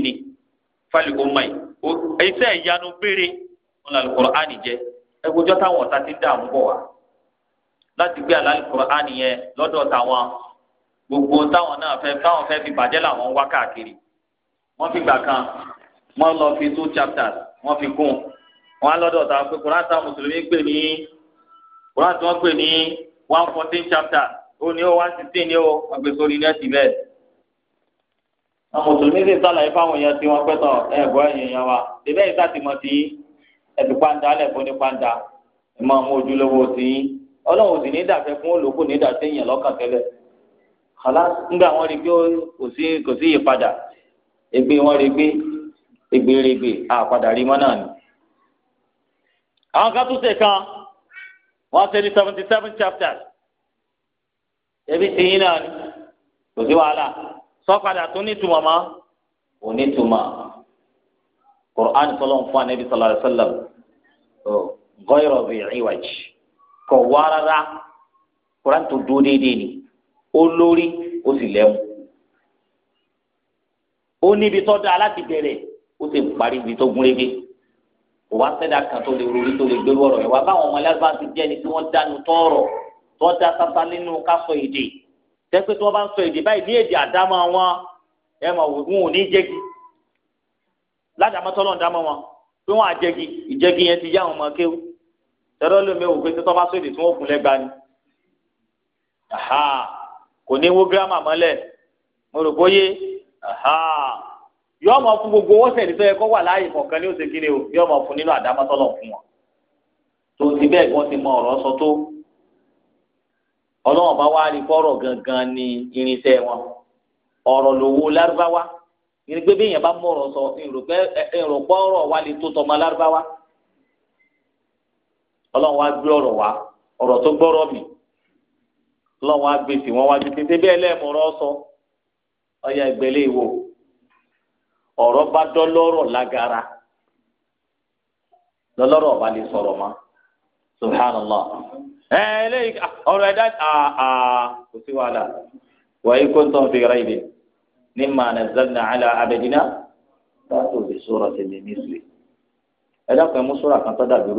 ni fali umma iṣẹ́ ìyanu péré wọn làlù Kùránì jẹ ẹgbẹjọ táwọn ọ̀tá ti dààmú bọ̀ wá láti gbé àlàlù Kùránì yẹn lọ́dọ̀ táwọn gbogbo táwọn náà fẹ́ táwọn fẹ́ fi bàjẹ́ làwọn wá káàkiri wọ́n fi gbà kan wọ́n lọ fi two chapters wọ́n fi kún wọn lọ́dọ̀ táwọn pé Kùránì táwọn mùsùlùmí pè ní Kùránì tí wọ́n pè ní one fourteen chapter ó ní ó one sixteen ní ó wọ́n gbé sórí nẹ́ẹ̀tì bẹ́ẹ̀ àwọn mùsùlùmí sì ń sàlàyé fáwọn èèyàn tí wọ́n pẹ́tọ̀ ẹ̀ bọ́ ẹ̀yìn èèyàn wa débẹ́ yìí sáà ti mọ̀ sí ẹ̀sìn pàǹdà alẹ́ fún ní pàǹdà ìmọ̀ ọmọ ojúlówó sí i ọlọ́run sì ní dàfẹ́ fún olókùn ní dàtẹ́ èèyàn lọ́kàn tẹ́lẹ̀ kàlá nígbà wọn rí pé kò sí kò sí ìyípadà ègbé wọn rí pé ègbèrègbè àpàdà rí mọ́ náà ni. àwọn kan tún ṣe kan wọ́n ṣe ní seventy seven chapters ẹbí ti yín náà ni kò sí wàhálà sọ́padà tó nítumọ̀ mọ́ onítumọ̀ qur'an sọlọ́n fún anabi sallallahu alayhi wa sallam gọ́yọ̀rọ̀ bí ìwàjì kọ̀ wá rárá qur'an tó dúró déédéé ni ó lórí ó sì lẹ́mu ó níbi tó dáa láti bẹ̀rẹ̀ ó sì parí ibi tó gún régé kò wá sẹ́dá kan tó lè rori tó lè gbérú ọ̀rọ̀ yẹn wá báwọn ọmọ ẹlẹ́gbàá ti jẹ́ ni tí wọ́n dánu tọ́ọ̀rọ̀ tí wọ́n dá sáfá nínú ká sọ èdè tẹ́pẹ́ tí wọ́n bá ń sọ èdè báyìí ní èdè àdámọ́ wọn ẹ mọ̀ wọn ò ní jẹ́gi ládàmọ́tọ́lọ́ dámọ́ wọn pé wọ́n á jẹ́gi ìjẹ́gi yẹn ti yá àwọn ọmọ kéwú tẹ́rọ lómi ò pé tí wọ́n bá sọ èdè tí wọ́n kún lẹ́gba ni kò ní wó gírámà mọ́lẹ̀ mo rò bóyé yọ ọmọ fún gbogbo owó sẹ̀dí tó yẹ kó wà láàyè kọ̀ọ̀kan ní òsèkiri o yọ ọmọ fún nínú àdámọ́tọ́lọ́ fún wọn tó ti bẹ́ẹ̀ wọ́n ti mọ ọ̀rọ̀ sọ tó ọlọ́wọ́n bá wá rí fọ́rọ̀ gangan ní irinṣẹ́ wọn ọ̀rọ̀ lówó lárúbáwá ìrìn pé bẹ́ẹ̀ yẹn bá mọ̀rọ̀ sọ ìrọ̀pọ̀ ọ̀rọ̀ wa lè tó tọmọ lárúbáwá ọlọ́wọ́n wá gbé ọ̀rọ̀ wá ọ̀rọ̀ tó gbọ́rọ̀ mi ọlọ́wọ́n wá gbé tí wọ́n wá gbé tètè bẹ́ẹ̀ lẹ́ẹ̀mọ̀rọ̀ sọ ọyà ìgbẹ́lẹ̀ ìwò ọ̀rọ̀ bá dọ́lọ́rọ̀ lágara lọ́lọ́rọ̀ ọba lè sọ̀rọ̀ mọ́ subhanallah. ẹ eléyìí ọ̀rọ̀ ẹ̀dá àà kò sí wàhálà wàyí kó tó ń fi ra ibi ní màánà zanna àlà abẹ́dínà láti òbí sọ̀rọ̀ tẹ̀lé ní ìsúlẹ̀ ẹ̀dá kan mú sọ̀rọ̀ àkàntọ́ dàbí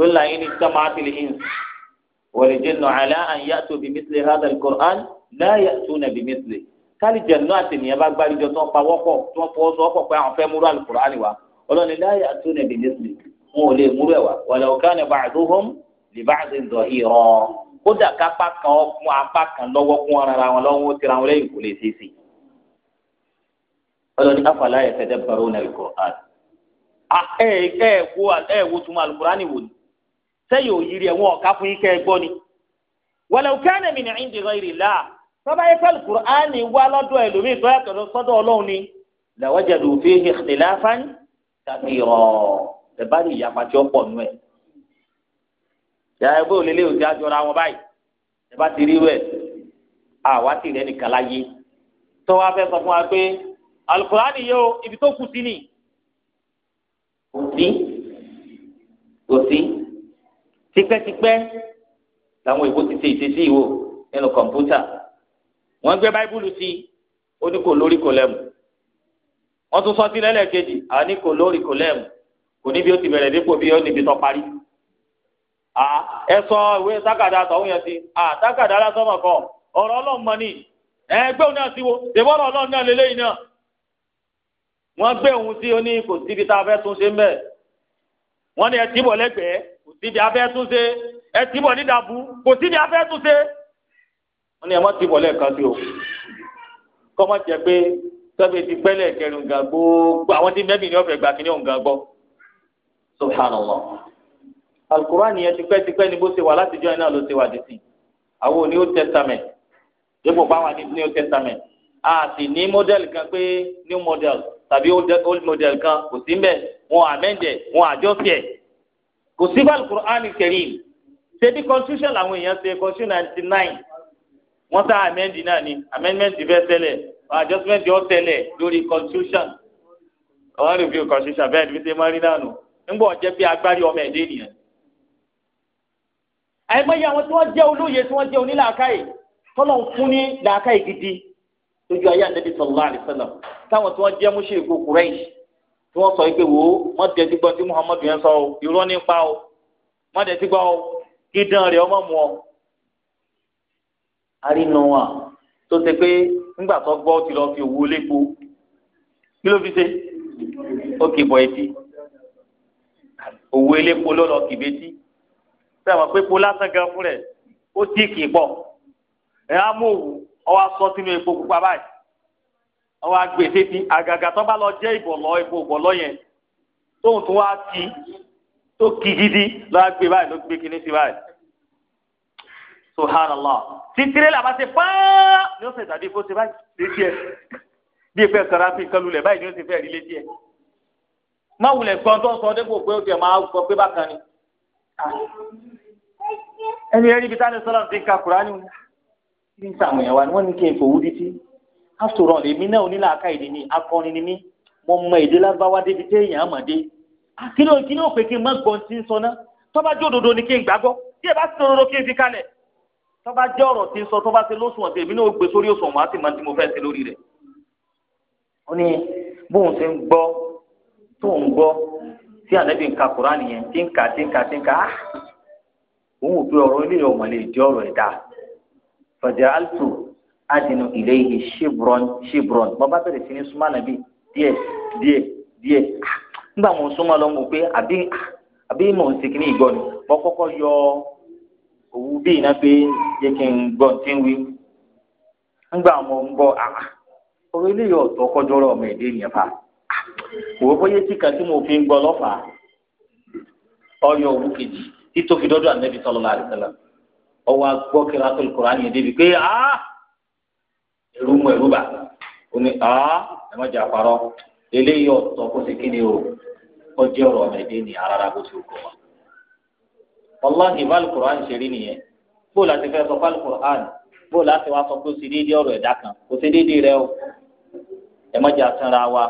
قل إن اجتمعت الإنس والجن على أن يأتوا بمثل هذا القرآن لا يأتون بمثله káàlì jẹnu àti ènìyàn bá gbárijọ tó ń pa wọ́pọ̀ tó ń fọwọ́ sọ wọ́pọ̀ pé àwọn fẹ́ múrú alukur'ani wa ọlọ́ni láyé àtúnẹ̀ bìí lẹ́sìn wọn ò lè múrú ẹ̀ wá wàlẹ̀ òkà ni e ba'duhum li ba'din zahira kódà kápá kan ọkùn apá kan lọ́wọ́ kún ara wọn lọ́wọ́ ó tira wọn lẹ́yìn kò lè ṣeé ṣe. ọlọ́ni afala yatadabbaruna al-Qur'an. ẹ ẹ wo túmọ̀ alukur'ani wò ni sẹ́yìn òyìrì ẹ̀wọ̀n ọ̀ká fún yín kẹ́ ẹ gbọ́ ni. wàlẹ̀ òkè ànà mi ní indi ghairi la sọ́ba yẹ fẹ́ẹ́ kùránì wá lọ́dọ̀ ẹlòmíì tó yàtọ̀ sọ́dọ̀ ọlọ́run ni làwọ́jàdù fihi ikhtilafan kathira ẹ̀ bá rí ìyapa tí ó pọ̀ nù ẹ̀. ìyá ẹgbẹ́ òlélẹ́ òsì àjọra wọn báyìí ẹ bá ti rí rẹ̀ àwa ti rẹ̀ nìkan láyé tó wá fẹ́ sọ fún wa pé alukurani yóò ibi tó kù sí ni kò sí kò sí tipẹ́tipẹ́ làwọn èèbó ti ṣe ìṣesí ìwò nínú kọ̀ǹpútà wọ́n gbé báíbùlù sí ó ní kò lórí kò lẹ́mù wọ́n tún sọ sí lẹ́lẹ́kejì àwọn ní kò lórí kò lẹ́mù kò níbi ó ti bẹ̀rẹ̀ dípò bí ó níbi tó parí. ẹ sọ ìwé sákàdá tọ̀hún yẹn sí sákàdá lásán mọ̀ kọ́ ọ̀rọ̀ ọlọ́run mọ́ ni ẹgbẹ́ òun náà sí wo ìbọ̀rọ̀ ọlọ́run náà lélẹ́yìn náà wọ́n gbé òun sí ó ní tá a fẹ́ tún ṣe ń bẹ̀ wọ́n ní ẹ tìbọ̀ lẹ́gbẹ̀ẹ́ kò síbi afẹ́ tún ṣe ẹ ti bọ̀ nídàbù kò síbi afẹ́ tún ṣe. wọ́n ní ẹ mọ́ ti bọ̀ lẹ́ẹ̀kan sí o kọ́mọ́ jẹ́ pé sọ́bẹ̀ ti pẹ́ lẹ́ẹ̀kẹrin gan gbogbo àwọn tí mẹ́bìnrin ọ̀fẹ́ gbà kí ni òun gan gbọ́. subhanallah alukur'an yẹn tipẹ́tipẹ́ ni bó ṣe wà látijọ́ iná ló ṣe wà dìtì àwọn oní old testament dípò báwa ní new testament a sì ní model kan pé new model tàbí old model kan kò sí mbẹ wọn amẹ́ndẹ̀ wọn àjọṣe kò sí bá alukur'an kẹrìm ṣebí constitution làwọn èèyàn ṣe constitution ninety nine wọ́n sá amẹ́ndì náà ni amendment bẹ́ẹ̀ tẹ́lẹ̀ adjustment yóò tẹ́lẹ̀ lórí constitution àwọn review constitution bẹ́ẹ̀ ni wíṣẹ́ máa rí náà nù ńgbọ́ jẹ́ pé agbárí ọmọ ẹ̀dẹ́ nìyẹn. àìmọye àwọn tí wọ́n jẹ́ olóye tí wọ́n jẹ́ onílàákàyè tọ́lọ̀ ń fún ní làákàyè gidi lójú ayé àdébìtì sallallahu alaihi wasallam táwọn tí wọ́n jẹ́ mú ṣe ìkókò rẹ̀ yìí tí wọ́n sọ pé wò ó wọ́n tẹ́tí gbọ́ tí muhammadu yẹn sọ o irọ́ nípa o wọ́n tẹ́tí gbọ́ o kí dán rẹ̀ ọmọ mu ọ. arínú wa tó ṣe pé nígbà tó gbọ́ ti lọ fi òwú lépo kí ló fi ṣe ó kì bọ̀ etí òwú elépo ló lọ kì betí sẹ́wọ̀n pé po lásán gan fún rẹ̀ ó sì kì í pọ̀ ẹ̀ á mú òwú ọwọ́ sọ sínú epo pupa báyìí ọwọ́ agbèsè ti àgàgà tó bá lọ jẹ́ ìbọ̀lọ́ ìbò ìbọ̀lọ́ yẹn tóun tó wá ti tó kí gidi lọ́wọ́ agbè báyìí ló gbé kíní sí báyìí subhanallah tí tirẹ̀là bá ṣe pàà ni ó ṣe tàbí kó ṣe báyìí létí ẹ̀ bí ìpẹ́ sàràfin kan lulẹ̀ báyìí ni ó ṣe fẹ́ rí létí ẹ̀ má wulẹ̀ sọ tó ń sọ dépò pé ó tiẹ̀ máa sọ pé bákan ni ẹni ẹni ibi táwọn sọlá ti ń ka kúránì ní sàmùyẹ̀wá ni wọ́n ní kí n fòwú dítí after all èmi náà onílàáká èdè ni akọrin ni mí mo mọ èdè lágbáwá débi tí èèyàn àmọ̀dé kíni òkè ní òpè kí n má gbọ́n tí ń sọ ná tọ́ba jẹ́ òdodo ni kí n gbàgbọ́ tí ẹ bá ti òdodo kí n fi kalẹ̀ tọ́ba jẹ́ ọ̀rọ̀ tí ń sọ tọ́ba ti lóṣùwọ̀n tèmi náà gbé sórí òṣùwọ̀n wá sí máa ti mo fẹ́ ṣe lórí rẹ̀. ó ní bóun ṣe ń gbọ́ tóun gbọ́ tí ànábì ń ka Kùránì yẹn tí ń kà tí ń kà tí ń kà ah! òun ò pé ọ̀rọ̀ ilé ọ̀mọ̀lẹ̀ ìdí ọ̀rọ̀ ẹ̀dá fàjà àlùtù adinu ìléyìí shibron shibron mo bá sí ní súnmọ́ ànábì díẹ̀ díẹ̀ díẹ̀ ah, nígbà mo súnmọ́ lọ mo pé àbí ah, àbí sìnkì ní ni yọ òwú bí iná pé jẹ́ kí n gbọ́ tí ń wí nígbà mo ń gbọ́ àà orí ilé yóò tó ọmọ èdè yẹn kan tí mo fi ń ọyọ òwú kejì fi ẹrú mú ẹrú bá omi àá ẹ má jà parọ́ eléyìí ọ̀tọ̀ kó ti kíni o ọjọ́ ọ̀rọ̀ ọmọ ẹ̀dẹ́ ni arára kó ti kọ́ wa. wàláhì bá alukur'an ṣe rí nìyẹn bó láti fẹ́ sọ fún bó láti wá sọ pé ó déédéé ọ̀rọ̀ ẹ̀dá kan kò ṣe déédéé rẹ o ẹ má jà sanra wa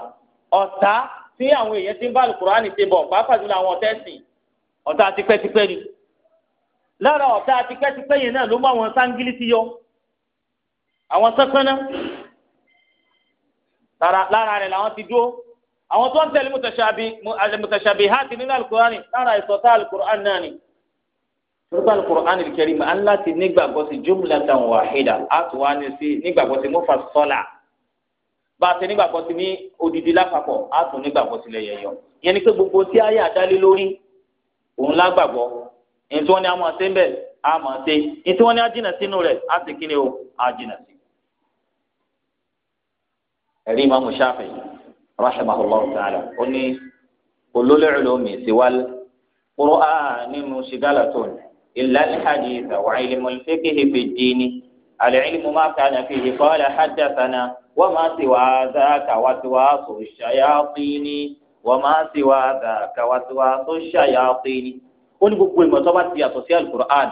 ọ̀tá tí àwọn èèyàn ti ń bá alukur'an ṣe bọ̀ pàápàá jùlọ àwọn ọ̀tá ẹ̀sìn ọ̀tá ni lára ọ̀tá tipẹ́tipẹ́ yẹn náà ló mú àwọn sáńgílì ti yọ àwọn sánsánná lára rẹ̀ làwọn ti dúró àwọn tó ń tẹ̀lé mùtàṣàbí hàtì nínú alukur'ani lára ìsọ̀tà alukur'ani náà ni turuba alukur'ani kẹrin ma an láti nígbàgbọ́ sí jumlatan wahida a tún wá ní sí nígbàgbọ́ sí mufassala bá a ti nígbàgbọ́ sí ní odidi lápapọ̀ a tún nígbàgbọ́ sí lẹ́yẹyọ yẹn ni pé gbogbo tí ayé àdálé lórí òun lágbàgbọ́ ètò wọn ni a máa ṣe ń bẹ̀ a máa ṣe ètò wọn ni sínú rẹ̀ a sì o a jìnà ẹ̀rí imaamu shafi rahimahullah ta'ala ó ní olólùlù mi siwal qur'an nínú shigalatun illa alhadith wa ilmu alfiqhi fi dini alilmu ma kana fihi qala haddathana wa ma siwa dhaka waswasu shayatini wa ma siwa dhaka waswasu shayatini ó ní gbogbo ìmọ̀ tó bá ti yàtọ̀ sí alukur'an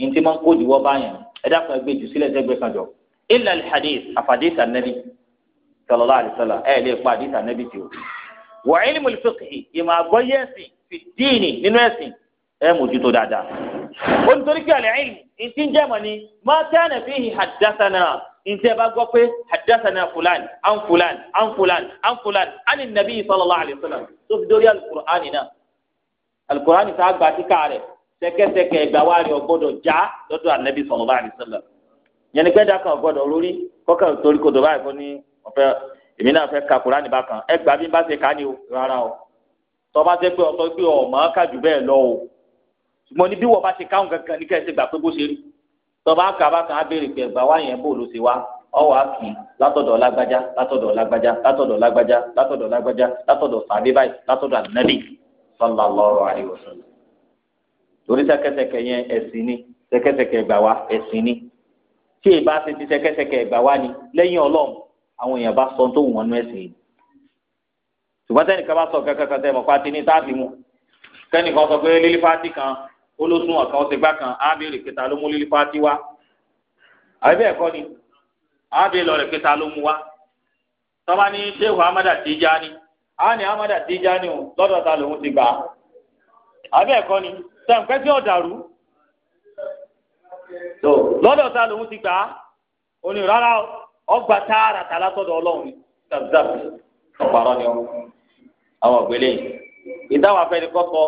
ntí kó jùwọ́ báyẹn ẹ dákun ẹgbẹ́ jù sílẹ̀ ẹgbẹ́ kan ilà alhadith àfàdé sànẹ́bí sallallahu alaihi wasallam ẹ lè pa àdìsá nẹ́bí tí o. wà ilmul fiqhi ìmọ̀ àgbọ́yé ẹ̀sìn fi díìnì nínú ẹ̀sìn ẹ mójútó dáadáa. ó ní torí pé àlẹ́ ìlú ìtí ń jẹ́ mọ̀ ni máa tẹ́ àná fi hadathana ìtẹ́ bá gbọ́ pé hadathana fulan an fulan an fulan an fulan an nàbí sallallahu alaihi wasallam tó fi dórí alukur'ani náà alukur'ani tá a gbà kíkà rẹ̀ sẹkẹsẹkẹ ẹgbà wa rẹ̀ ọgbọ́dọ̀ já lọ́dọ̀ ànábì sallallahu alaihi wasallam dákan ọgbọ́dọ̀ lórí kọ́kà torí kodò báyìí fún ni wọ́n fẹ́ èmi náà fẹ́ ka kúránì bákan ẹ gbà bí n bá ṣe ká ni o rárá o tọ́ba ṣe pé ọ̀tọ́ pé ọ̀mọ́ ká jù bẹ́ẹ̀ lọ o ṣùgbọ́n ní bí wọ́n bá ṣe káwọn kankan ní kẹ́sì gbà pé bó ṣe rí tọ́ba ká bákan á béèrè pé ẹgbà wá yẹn bó ló ṣe wá ọwọ́ àkì látọ̀dọ̀ lágbájá látọ̀dọ̀ lágbájá látọ̀dọ̀ lágbájá látọ̀dọ̀ lágbájá látọ̀dọ̀ sàbí báyìí látọ̀dọ̀ ànábì sallallahu alaihi wasallam torí sẹkẹsẹkẹ yẹn ẹ̀sìn ni sẹkẹsẹkẹ ẹgbà wa ẹ̀sìn ni tí èèbá ṣe ti sẹkẹsẹkẹ ẹgbà wa ni lẹ́yìn Ọlọ́run àwọn èèyàn bá sọ tó wù wọn nú ẹ̀sìn yìí ṣùgbọ́n tẹ́nìkan bá sọ kankan tẹ́ mọ̀ pé ní táàbì mu tẹ́nìkan sọ pé lílí fáti kan ó ló sún kan á béèrè ló mú lílí fáti wá àbí bẹ́ẹ̀ kọ́ ni á béèrè lọ́rẹ̀ kẹta ló mú wá tọ́ba ní Shehu Amada Tijani á ní Amada Tijani o lọ́dọ̀ ta lòun ti gbà á àbí bẹ́ẹ̀ kọ́ ni tẹ̀ǹpẹ́ tí ò dàrú lọ́dọ̀ ta lòun ti gbà á òní rárá o ọgbà tààrà tààrà sọ́dọ̀ Ọlọ́run zabzab ọparọ ni ọ àwọn ògbélé ìdáwà fẹni kọkọ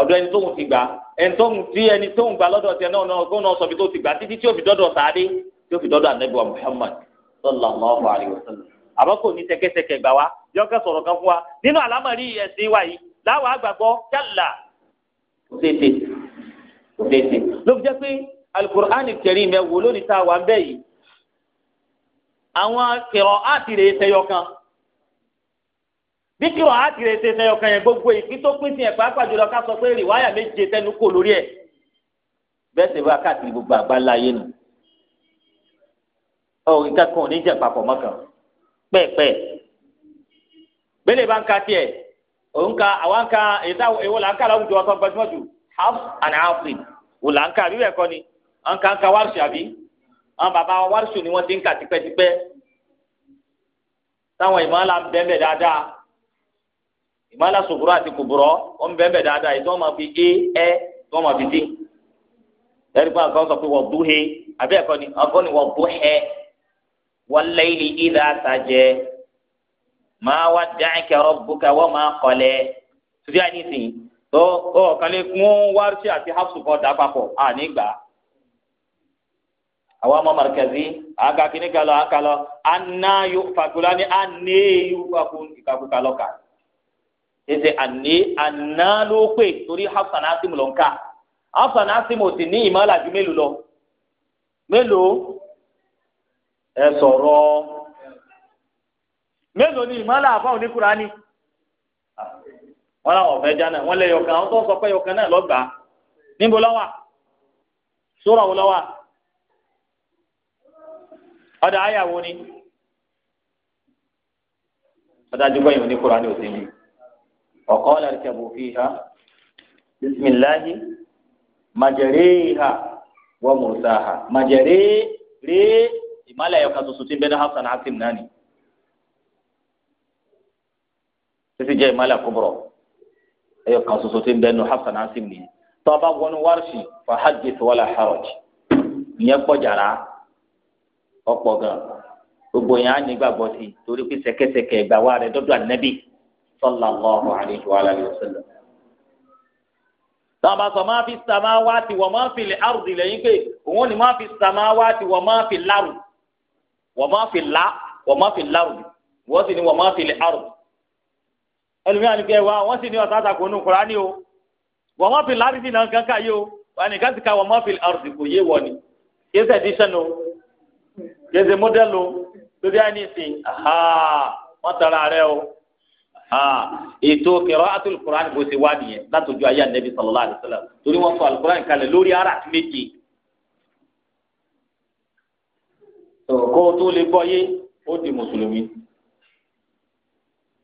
ọ̀dọ̀ ẹni tóun ti gbà ẹni tóun ti ẹni tóun gbà lọ́dọ̀ tiẹ̀ náà náà gbóná sọbi tó ti gbà títí tí ó fi dọdọ sáré tí ó fi dọdọ anabiwa Muhammad sallallahu alayhi wa sallam àmọ́ kò ní tẹkẹtẹkẹ gbà wá yọkẹ sọ̀rọ̀ kan fún wa nínú àlámọ̀rí ẹsìn wa yìí láwa àgbàgbọ́ yálà kò tètè ló fi jẹ pé alukur'an kẹrin mẹ wò lónìí tá a wà ń bẹ yìí àwọn kìrọ̀ áàtì rẹ̀ ṣẹyọ kan bí kìrọ̀ áàtì rẹ̀ ṣe ṣẹyọ kan yẹn gbogbo ìpín tó pín sí ẹ̀ pàápàá jùlọ ká sọ pé rìwáyà méje tẹnu kò lórí ẹ̀ bẹ́ẹ̀ ṣe bá káàkiri gbogbo àgbáńlá ayé nu ọ̀rìn kankan ò ní jẹ́ papọ̀ mọ́kàn pẹ́ẹ́pẹ́ gbélé bá ń ka tiẹ̀ òun ka àwọn ka èyíta èwo là ń kà láwùjọ ọtọ́ gbajúmọ̀ jù half and half wò là ń ka àbí bẹ́ẹ̀ kọ́ ni à ń ka ń ka wáṣọ àbí àwọn bàbá wa wárìsù ni wọ́n ti ń kà tipẹ́tipẹ́ táwọn ìmọ̀lá ń bẹ́ẹ̀ dáadáa ìmọ̀lá sòkòrò àti kòbòrò wọ́n ń bẹ́ẹ̀ dáadáa èyí tí wọ́n máa fi é ẹ́ e, tí wọ́n máa fi dín lẹ́yìn pé àkọ́ pé wọ́n bú he àbí ẹ̀kọ́ ni àkọ́ ni wọ́n bú he wọ́n lẹ́yìn ìdá àtàjẹ máa wá dáhìnkì rabbuka wọ́n máa kọ́lẹ̀ tó ọ̀kan lè kún wárìsù àti hafsu kọ́ àwọn ọmọ markazi àga kìíní kalọ àkàlọ anáyó fakula ní anéyó fakun ìkàkùkàlọ kà ṣèṣe ané aná ló pè torí hafsan asim ló ń kà hafsan asim ò sì ní ìmọ̀lá ju mélòó lọ mélòó ẹ sọ̀rọ̀ mélòó ni imala àbá oníkura ni wọn làwọn ọ̀fẹ́ jánà wọn lẹ́yọ̀kan àwọn tó ń sọ pé yọ̀kan náà lọ́gbàá níbo lọ́wà sóra wo lọ́wà ọ̀dà àyàwó ni ọ̀dájú báyìí ní kúránì òsè yìí ọ̀kọ́ lẹ́rìkẹ́bù fiha bisimilahi majareha wa mursaha majare re ìmọ̀lẹ̀ ẹ̀yọ̀kan tuntun ti bẹ́ẹ̀ ní hafsan hasim náà ni títí jẹ́ ìmọ̀lẹ̀ kúbọ̀rọ̀ ẹ̀yọ̀kan tuntun ti bẹ́ẹ̀ ní hafsan hasim ni tọ́ba wọnú wárṣì fàhádìí wala haraj ìyẹn kọjára ọ̀pọ̀ gan gbogbo yẹn á ní gbàgbọ́ sí i torí pé sẹ́kẹ́sẹ́kẹ́ ìgbà wa rẹ̀ dọ́dọ̀ ànábì sallallahu alaihi wa alihi wasallam. tọ́ba sọ máa fi samawati wa máa fi al-ardi lẹ́yìn pé òun ni máa fi samawati wa máa fi al-ardi wa máa fi la wa máa fi al-ardi wọ́n sì ni wa máa fi al-ardi. ẹlòmíràn ni wa wọ́n sì ni ọ̀sán àtàkùn nù Kùránì o wa máa fi al gèzè mọ́dẹ́lù lórí àìníṣìn wọ́n tara rẹ o ètò kẹrọ atul kuran kò sí wá nìyẹn látọjú ayé anabi sallallahu alaihi wasallam torí wọ́n sọ alukuran kalẹ̀ lórí ara àti méje kó o tó lè gbọ́ yé ó di mùsùlùmí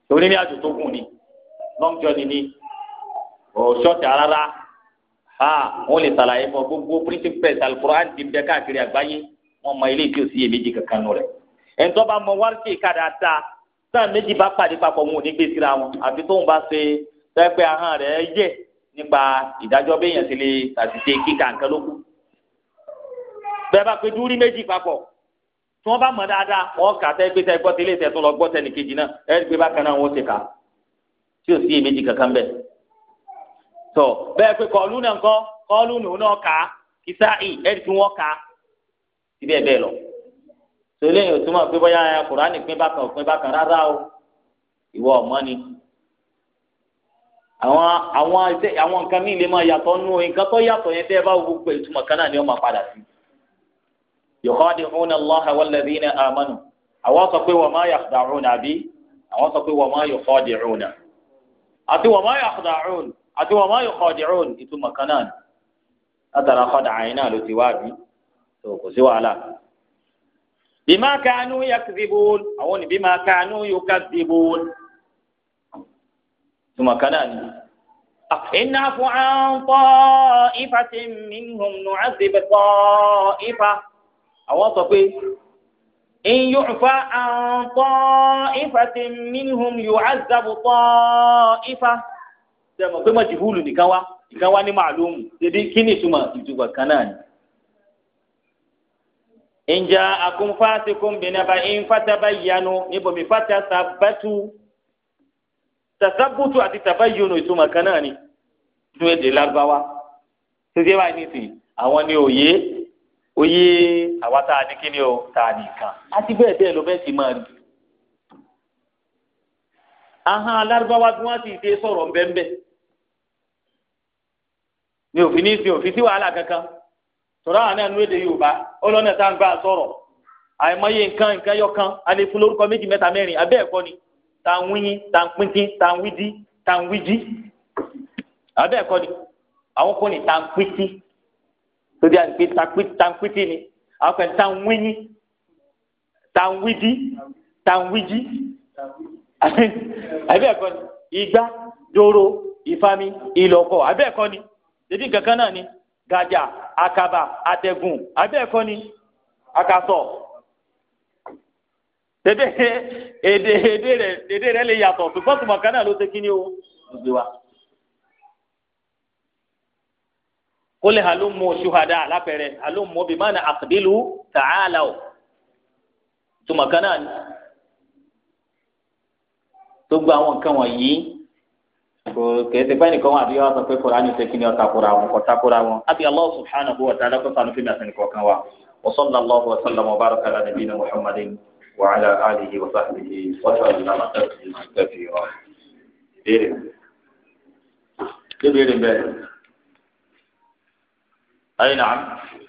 torí ní àjò tó gùn ni long journey ni ọ̀ṣọ́ọ̀tì rárá wọ́n lè ṣàlàyé fún gbogbo printing press alukuran ti bẹ káàkiri àgbáyé wọ́n mọ ilé tí ò sí iyèméjì kankan nù rẹ̀ ẹ̀ńtọ́ bá mọ wárìkì kàdà ta sáà méjì bá pàdé papọ̀ wọn ò ní gbé síra wọn àfi tóun bá ṣe tẹ́pẹ́ ahọ́n rẹ̀ yẹ nípa ìdájọ́ béèyàn sì lè tàṣìṣe kíkà nǹkan lókù bẹ́ẹ̀ bá pe dúrí méjì papọ̀ tí wọ́n bá mọ̀ dáadáa wọ́n kà tẹ́ gbé tẹ́ gbọ́ tẹ́lẹ̀ tẹ́ tó lọ gbọ́ tẹ́nì kejì náà ẹ gbé bákan náà wọ́n ti kà tí ò sí èméjì kankan bẹ́ẹ̀. tọ́ bẹ́ẹ̀ pé kọ́ọ̀lù náà kọ́ kọ́ọ̀lù nù náà kà kìsáì kà àti bẹ́ẹ̀ bẹ́ẹ̀ lọ tòlẹ́ yìí ò túmọ̀ pé bóyá kùránì pín bákan ò pín bákan rárá o ìwọ ọ̀mọ́ ni àwọn àwọn iṣẹ́ àwọn nǹkan míì lè máa yàtọ̀ nù nǹkan tó yàtọ̀ yẹn tẹ́ ẹ bá wo gbogbo ìtumọ̀ kan náà ni wọ́n máa padà sí yukhadi'una Allaha walladhina amanu àwọn sọ pé wa ma yakhda'un àbí àwọn sọ pé wa ma yukhadi'una àti wa ma yakhda'un àti wa ma yukhadi'un ìtumọ̀ kan náà látara kọ́dà àyìn náà ló ti wá bí tó kò sí wàhálà. bímá kánú yakdibun àwọn ni bímá kánú yukadibun tuma kana ni. إن عفو عن طائفة منهم نعذب طائفة àwọn sọ pé in yu'fa an ta'ifatin minhum yu'azzabu ta'ifa sẹ́mi pé mọ̀jìhúlù nìkan wá nìkan wá ní màlúùmù ṣèbí kí ni ìtumọ̀ ìtumọ̀ kan inja akum fasikum binaba in fatabayyanu nibomi fatasabatu tasabutu àti tabayyunu ìtumọ̀ kan náà ni tún èdè lárúbáwá títí wáyé nísìnyí àwọn ni òye òye àwa tá a ní kí ni o tá a nìkan àti bẹ́ẹ̀ bẹ́ẹ̀ ló bẹ́ẹ̀ sì máa rí. ahọ́n lárúbáwá bí wọ́n ti ṣe sọ̀rọ̀ ńbẹ́ńbẹ́ ni òfin ní ìsìn òfin sí wàhálà kankan sọ̀rọ̀ àwọn náà nu èdè yorùbá ọlọ́nà tá à ń gbà sọ̀rọ̀ àìmọye nǹkan nǹkan yọkan alẹ́ fún lórúkọ méjì mẹ́ta mẹ́rin abẹ́ ẹ̀kọ́ ni tá à ń wíyín tá à ni àwọn kò ní tá à ń pínpín tó dé àdìpé tá à ń pínpín ni àwọn kan tá à ń wíyín ni igbá dóró ìfami ìlọ̀kọ̀ abẹ́ ẹ̀kọ́ ni débi kankan náà ni gàjà àkàbà àtẹ̀gùn abẹ́ẹ̀kọ́ ni àkàsọ̀ èdè èdè èdè rẹ èdè rẹ lè yàtọ̀ ṣùgbọ́n tùmọ̀ kan náà ló ṣe kíni o gbé wa. ó lè halómo ṣuhada alápẹ̀rẹ̀ halómo bí mánà àkàdélù tààlà o tùmọ̀ kan náà tó gba àwọn nǹkan wọ̀nyí. kèsì báyìí nìkan wà bí wọn sọ pé kòránì ṣe kí ni ọ̀tà kóra wọn ọ̀tà kóra wọn àbí Allah subhanahu wa ta'ala kó sànù fún mi àti kan wa wa sallallahu wa sallam wa baraka ala nabiyina muhammadin wa ala alihi wa sahbihi wa sallam wa taslima kathira. ìbéèrè ìbéèrè bẹ́ẹ̀ ayé nàá.